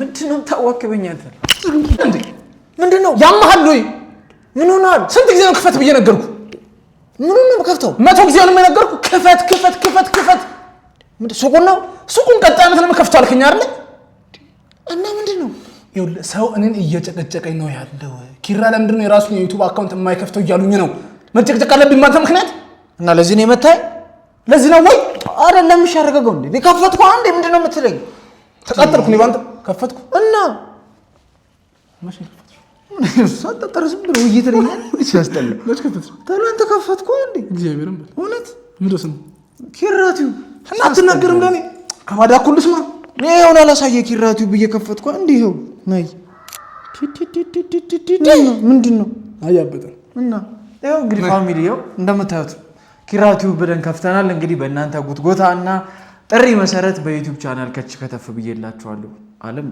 ምንድነው ታዋክበኛለህ? ምንድነው ያመሃል ወይ ምን ሆነሃል? ስንት ጊዜ ነው ክፈት ብዬ ነገርኩ። ምን ነው የምከፍተው? መቶ ጊዜ ነው የነገርኩ። ክፈት ክፈት ክፈት ክፈት። ምንድን ሱቁን ነው ሱቁን ቀጣይ ዓመት ነው የምከፍተው አልከኝ አይደል? እና ምንድነው ሰው እኔን እየጨቀጨቀኝ ነው ያለው። ኪራ ለምንድን ነው የራሱን የዩቲዩብ አካውንት የማይከፍተው እያሉኝ ነው። መጨቅጨቅ አለብኝ ማለት ምክንያት እና ለዚህ ነው የመታኝ። ለዚህ ነው ወይ? አረ ለምን ሻረገገው እንዴ? ከፈትኩ አንዴ ምንድነው የምትለኝ? ተቃጠልኩ ነው ባንተ ከፈትኩ እና ጠረስብን ከፈትኩ እንዴ እውነት ምደስ ነው ኪራቲው እና አትናገርም ከማዳ ኩል ስማ እኔ የሆነ አላሳየ ኪራቲው ብዬ ከፈትኩ እንዴ ይኸው ናይ ምንድን ነው አያበጠ እና ይኸው እንግዲህ ፋሚሊ ይኸው እንደምታዩት ኪራቲው ብለን ከፍተናል እንግዲህ በእናንተ ጉትጎታ እና ጥሪ መሰረት በዩቲዩብ ቻናል ከች ከተፍ ብዬላችኋለሁ አለም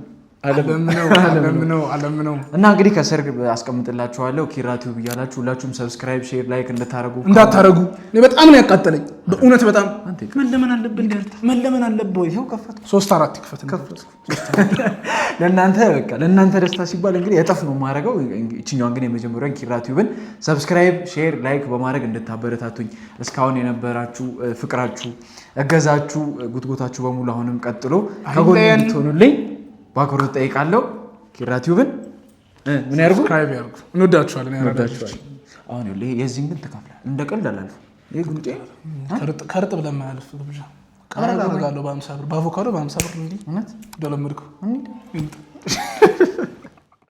እና እንግዲህ ከሰርግ አስቀምጥላችኋለሁ ኪራ ቲዩብ እያላችሁ ሁላችሁም ሰብስክራይብ፣ ሼር፣ ላይክ እንዳታረጉ እንዳታረጉ። በጣም ነው ያቃጠለኝ በእውነት በጣም መለመን አለብን መለመን አለብህ። ይኸው ከፈትኩ ሶስት አራት ክፈት ለእናንተ በቃ ለእናንተ ደስታ ሲባል እንግዲህ የጠፍ ነው የማደርገው። ይችኛዋን ግን የመጀመሪያውን ኪራ ቲዩብን ሰብስክራይብ፣ ሼር፣ ላይክ በማድረግ እንድታበረታቱኝ እስካሁን የነበራችሁ ፍቅራችሁ፣ እገዛችሁ፣ ጉትጎታችሁ በሙሉ አሁንም ቀጥሎ ከጎን እንድትሆኑልኝ በአክብሮት ጠይቃለሁ። ኪራቲዩብን ምን ያርጉ? እንወዳችኋለን። አሁን የዚህን ግን ተካፍላል። እንደ ቀልድ አላልፍ ከርጥ ብለን ማያልፍ ብቻ ቀረጋለሁ። በአምሳ ብር በአቮካዶ በአምሳ ብር እንዲህ እንደለመድኩ